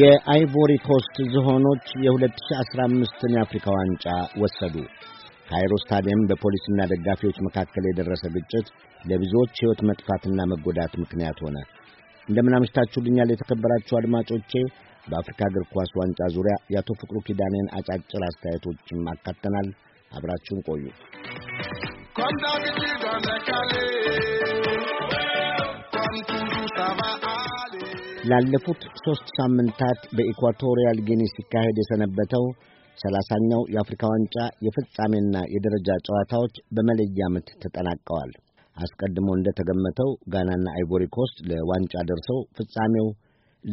የአይቮሪ ኮስት ዝሆኖች የ2015ን የአፍሪካ ዋንጫ ወሰዱ። ካይሮ ስታዲየም በፖሊስና ደጋፊዎች መካከል የደረሰ ግጭት ለብዙዎች ሕይወት መጥፋትና መጎዳት ምክንያት ሆነ። እንደምናመሽታችሁልኛል የተከበራችሁ አድማጮቼ። በአፍሪካ እግር ኳስ ዋንጫ ዙሪያ የአቶ ፍቅሩ ኪዳኔን አጫጭር አስተያየቶችም አካተናል። አብራችሁን ቆዩ። ላለፉት ሦስት ሳምንታት በኢኳቶሪያል ጊኒ ሲካሄድ የሰነበተው ሰላሳኛው የአፍሪካ ዋንጫ የፍጻሜና የደረጃ ጨዋታዎች በመለያ ምት ተጠናቀዋል። አስቀድሞ እንደተገመተው ጋናና አይቮሪ ኮስት ለዋንጫ ደርሰው ፍጻሜው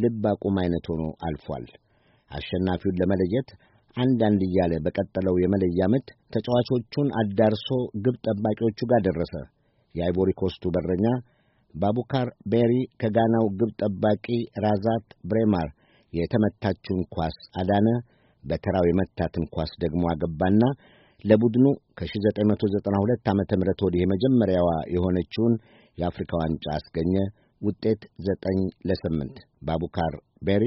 ልብ አቁም አይነት ሆኖ አልፏል። አሸናፊውን ለመለየት አንዳንድ እያለ በቀጠለው የመለያ ምት ተጫዋቾቹን አዳርሶ ግብ ጠባቂዎቹ ጋር ደረሰ። የአይቮሪ ኮስቱ በረኛ ባቡካር ቤሪ ከጋናው ግብ ጠባቂ ራዛት ብሬማር የተመታችውን ኳስ አዳነ። በተራው የመታትን ኳስ ደግሞ አገባና ለቡድኑ ከ1992 ዓ ም ወዲህ የመጀመሪያዋ የሆነችውን የአፍሪካ ዋንጫ አስገኘ። ውጤት 9 ለ8። ባቡካር ቤሪ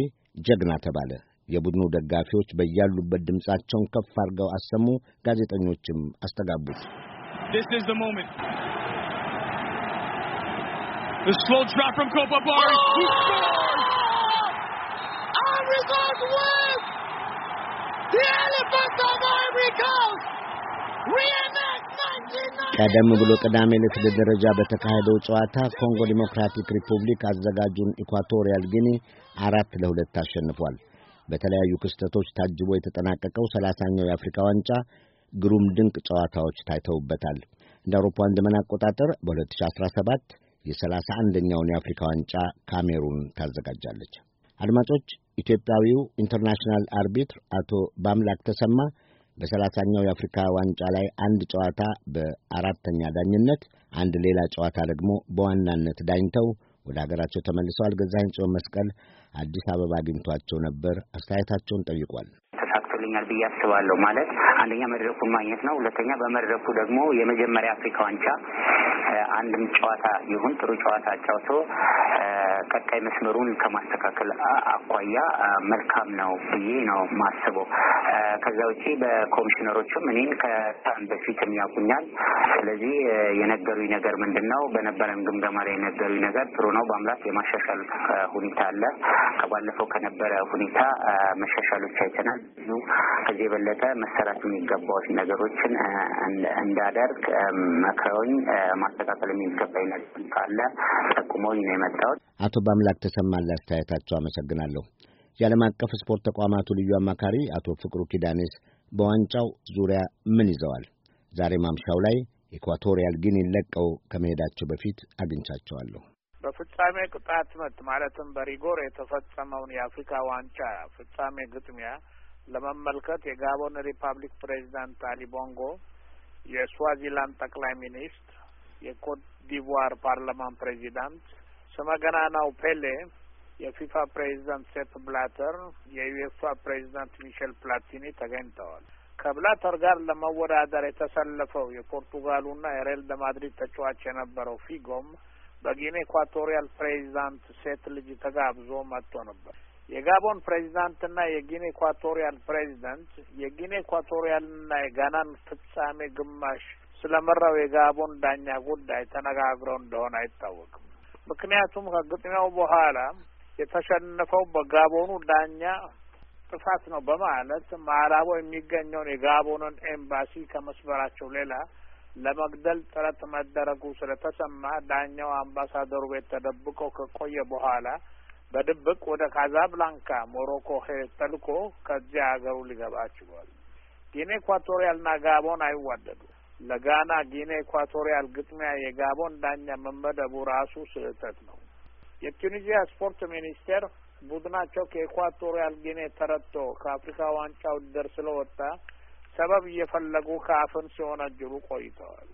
ጀግና ተባለ። የቡድኑ ደጋፊዎች በያሉበት ድምፃቸውን ከፍ አድርገው አሰሙ። ጋዜጠኞችም አስተጋቡት። oh! ቀደም ብሎ ቅዳሜ ዕለት ደረጃ በተካሄደው ጨዋታ ኮንጎ ዲሞክራቲክ ሪፑብሊክ አዘጋጁን ኢኳቶሪያል ጊኒ አራት ለሁለት አሸንፏል። በተለያዩ ክስተቶች ታጅቦ የተጠናቀቀው ሰላሳኛው የአፍሪካ ዋንጫ ግሩም ድንቅ ጨዋታዎች ታይተውበታል። እንደ አውሮፓውያን ዘመን አቆጣጠር በ2017 የሰላሳ አንደኛውን የአፍሪካ ዋንጫ ካሜሩን ታዘጋጃለች። አድማጮች፣ ኢትዮጵያዊው ኢንተርናሽናል አርቢትር አቶ ባምላክ ተሰማ በሰላሳኛው የአፍሪካ ዋንጫ ላይ አንድ ጨዋታ በአራተኛ ዳኝነት፣ አንድ ሌላ ጨዋታ ደግሞ በዋናነት ዳኝተው ወደ ሀገራቸው ተመልሰዋል። ገዛኸኝ ጽዮን መስቀል አዲስ አበባ አግኝቷቸው ነበር። አስተያየታቸውን ጠይቋል። ተሳክቶልኛል ብዬ አስባለሁ። ማለት አንደኛ መድረኩን ማግኘት ነው። ሁለተኛ በመድረኩ ደግሞ የመጀመሪያ አፍሪካ ዋንጫ አንድም ጨዋታ ይሁን ጥሩ ጨዋታ አጫውቶ ቀጣይ መስመሩን ከማስተካከል አኳያ መልካም ነው ብዬ ነው ማስበው። ከዛ ውጪ በኮሚሽነሮቹም እኔን ከታን በፊትም ያውቁኛል። ስለዚህ የነገሩኝ ነገር ምንድን ነው? በነበረን ግምገማ ላይ የነገሩኝ ነገር ጥሩ ነው፣ በአምላክ የማሻሻል ሁኔታ አለ። ከባለፈው ከነበረ ሁኔታ መሻሻሎች አይተናል። ብዙ ከዚህ የበለጠ መሰራት የሚገባዎች ነገሮችን እንዳደርግ መክረውኝ ማስተካከል መስተካከል የሚገባኝ ነገር ካለ ጠቁሞኝ ነው የመጣሁት። አቶ በአምላክ ተሰማን ለአስተያየታቸው አመሰግናለሁ። የዓለም አቀፍ ስፖርት ተቋማቱ ልዩ አማካሪ አቶ ፍቅሩ ኪዳኔስ በዋንጫው ዙሪያ ምን ይዘዋል? ዛሬ ማምሻው ላይ ኢኳቶሪያል ጊኒን ለቀው ከመሄዳቸው በፊት አግኝቻቸዋለሁ። በፍጻሜ ቅጣት መት ማለትም በሪጎር የተፈጸመውን የአፍሪካ ዋንጫ ፍጻሜ ግጥሚያ ለመመልከት የጋቦን ሪፐብሊክ ፕሬዚዳንት አሊ ቦንጎ፣ የስዋዚላንድ ጠቅላይ ሚኒስትር የኮት ዲቯር ፓርላማን ፕሬዚዳንት ገናናው ፔሌ የፊፋ ፕሬዚዳንት ሴፕ ብላተር፣ የዩኤፋ ፕሬዚዳንት ሚሼል ፕላቲኒ ተገኝተዋል። ከብላተር ጋር ለመወዳደር የተሰለፈው የፖርቱጋሉና የሬል ደማድሪድ ተጫዋች የነበረው ፊጎም በጊኔ ኢኳቶሪያል ፕሬዚዳንት ሴት ልጅ ተጋብዞ መጥቶ ነበር። የጋቦን ፕሬዚዳንትና የጊኔ ኢኳቶሪያል ፕሬዚዳንት የጊኔ ኢኳቶሪያልና የጋናን ፍጻሜ ግማሽ ስለመራው የጋቦን ዳኛ ጉዳይ ተነጋግረው እንደሆነ አይታወቅም። ምክንያቱም ከግጥሚያው በኋላ የተሸነፈው በጋቦኑ ዳኛ ጥፋት ነው በማለት ማላቦ የሚገኘውን የጋቦንን ኤምባሲ ከመስበራቸው ሌላ ለመግደል ጥረት መደረጉ ስለተሰማ ዳኛው አምባሳደሩ ቤት ተደብቆ ከቆየ በኋላ በድብቅ ወደ ካዛብላንካ ሞሮኮ ተልኮ ከዚያ ሀገሩ ሊገባ ችሏል። ጊኒ ኢኳቶሪያልና ጋቦን አይዋደዱ ለጋና ጊኔ ኢኳቶሪያል ግጥሚያ የጋቦን ዳኛ መመደቡ ራሱ ስህተት ነው። የቱኒዚያ ስፖርት ሚኒስቴር ቡድናቸው ከኢኳቶሪያል ጊኔ ተረቶ ከአፍሪካ ዋንጫ ድር ስለወጣ ሰበብ እየፈለጉ ከአፍን ሲወነጅሉ ቆይተዋል።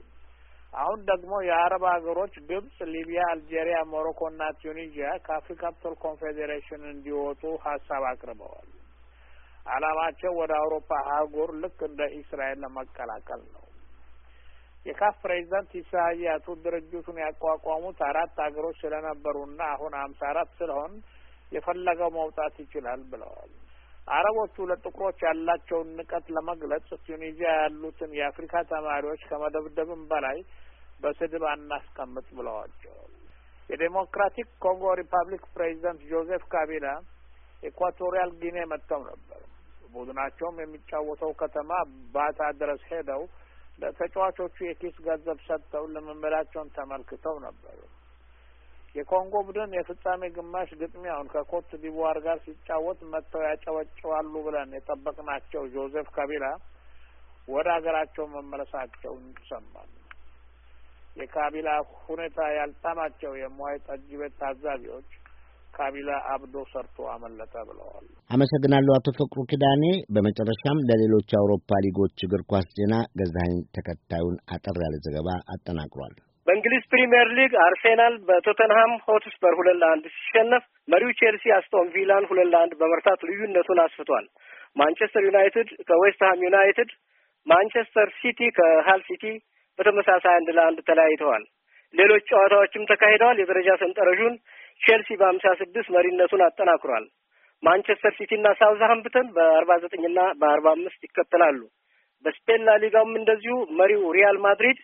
አሁን ደግሞ የአረብ ሀገሮች ግብጽ፣ ሊቢያ፣ አልጄሪያ፣ ሞሮኮ እና ቱኒዚያ ከአፍሪካ ፉትቦል ኮንፌዴሬሽን እንዲወጡ ሀሳብ አቅርበዋል። አላማቸው ወደ አውሮፓ አህጉር ልክ እንደ እስራኤል ለመቀላቀል ነው። የካፍ ፕሬዚዳንት ኢሳያ አቶ ድርጅቱን ያቋቋሙት አራት አገሮች ስለነበሩና አሁን ሀምሳ አራት ስለሆን የፈለገው መውጣት ይችላል ብለዋል። አረቦቹ ለጥቁሮች ያላቸውን ንቀት ለመግለጽ ቱኒዚያ ያሉትን የአፍሪካ ተማሪዎች ከመደብደብም በላይ በስድብ አናስቀምጥ ብለዋቸዋል። የዴሞክራቲክ ኮንጎ ሪፐብሊክ ፕሬዚዳንት ጆዜፍ ካቢላ ኢኳቶሪያል ጊኔ መጥተው ነበር። ቡድናቸውም የሚጫወተው ከተማ ባታ ድረስ ሄደው ለተጫዋቾቹ የኪስ ገንዘብ ሰጥተው ልምምዳቸውን ተመልክተው ነበሩ። የኮንጎ ቡድን የፍጻሜ ግማሽ ግጥሚያውን ከኮት ዲቮዋር ጋር ሲጫወት መጥተው ያጨወጭዋሉ ብለን የጠበቅናቸው ጆዜፍ ካቢላ ወደ ሀገራቸው መመለሳቸውን ሰማን። የካቢላ ሁኔታ ያልጣማቸው የሙዋይ ጠጅ ቤት ታዛቢዎች ካቢላ አብዶ ሰርቶ አመለጠ ብለዋል። አመሰግናለሁ አቶ ፍቅሩ ኪዳኔ። በመጨረሻም ለሌሎች የአውሮፓ ሊጎች እግር ኳስ ዜና ገዛኸኝ ተከታዩን አጠር ያለ ዘገባ አጠናቅሯል። በእንግሊዝ ፕሪምየር ሊግ አርሴናል በቶተንሃም ሆትስፐር ሁለት ለአንድ ሲሸነፍ መሪው ቼልሲ አስቶን ቪላን ሁለት ለአንድ በመርታት ልዩነቱን አስፍቷል። ማንቸስተር ዩናይትድ ከዌስትሃም ዩናይትድ፣ ማንቸስተር ሲቲ ከሃል ሲቲ በተመሳሳይ አንድ ለአንድ ተለያይተዋል። ሌሎች ጨዋታዎችም ተካሂደዋል። የደረጃ ሰንጠረዡን ቼልሲ በሀምሳ ስድስት መሪነቱን አጠናክሯል። ማንቸስተር ሲቲ እና ሳውዝሃምፕተን በአርባ ዘጠኝ እና በአርባ አምስት ይከተላሉ። በስፔን ላሊጋውም እንደዚሁ መሪው ሪያል ማድሪድ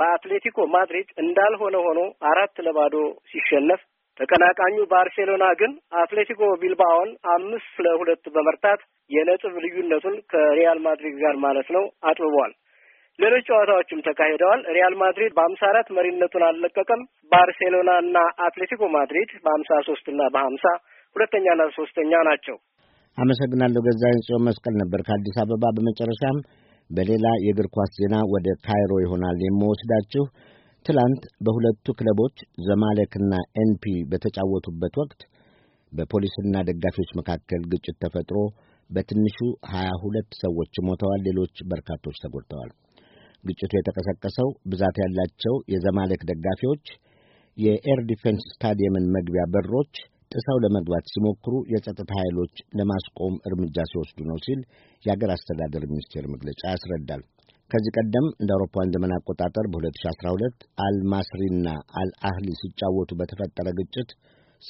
በአትሌቲኮ ማድሪድ እንዳልሆነ ሆኖ አራት ለባዶ ሲሸነፍ ተቀናቃኙ ባርሴሎና ግን አትሌቲኮ ቢልባኦን አምስት ለሁለት በመርታት የነጥብ ልዩነቱን ከሪያል ማድሪድ ጋር ማለት ነው አጥብቧል። ሌሎች ጨዋታዎችም ተካሂደዋል። ሪያል ማድሪድ በሀምሳ አራት መሪነቱን አልለቀቀም። ባርሴሎና እና አትሌቲኮ ማድሪድ በሀምሳ ሶስት እና በሀምሳ ሁለተኛና ሶስተኛ ናቸው። አመሰግናለሁ። ገዛኸኝ ጽዮን መስቀል ነበር ከአዲስ አበባ። በመጨረሻም በሌላ የእግር ኳስ ዜና ወደ ካይሮ ይሆናል የምወስዳችሁ። ትላንት በሁለቱ ክለቦች ዘማሌክና ኤንፒ በተጫወቱበት ወቅት በፖሊስና ደጋፊዎች መካከል ግጭት ተፈጥሮ በትንሹ ሀያ ሁለት ሰዎች ሞተዋል፣ ሌሎች በርካቶች ተጎድተዋል። ግጭቱ የተቀሰቀሰው ብዛት ያላቸው የዘማሌክ ደጋፊዎች የኤር ዲፌንስ ስታዲየምን መግቢያ በሮች ጥሰው ለመግባት ሲሞክሩ የጸጥታ ኃይሎች ለማስቆም እርምጃ ሲወስዱ ነው ሲል የአገር አስተዳደር ሚኒስቴር መግለጫ ያስረዳል። ከዚህ ቀደም እንደ አውሮፓውያን ዘመን አቆጣጠር በ2012 አልማስሪና አልአህሊ ሲጫወቱ በተፈጠረ ግጭት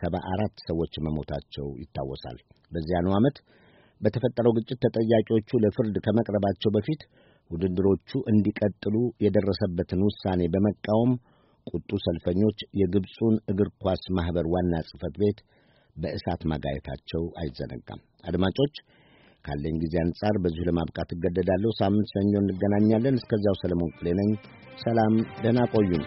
ሰባ አራት ሰዎች መሞታቸው ይታወሳል። በዚያኑ ዓመት በተፈጠረው ግጭት ተጠያቂዎቹ ለፍርድ ከመቅረባቸው በፊት ውድድሮቹ እንዲቀጥሉ የደረሰበትን ውሳኔ በመቃወም ቁጡ ሰልፈኞች የግብፁን እግር ኳስ ማኅበር ዋና ጽሕፈት ቤት በእሳት ማጋየታቸው አይዘነጋም። አድማጮች፣ ካለኝ ጊዜ አንጻር በዚሁ ለማብቃት እገደዳለሁ። ሳምንት ሰኞ እንገናኛለን። እስከዚያው ሰለሞን ክፍሌ ነኝ። ሰላም፣ ደህና ቆዩን።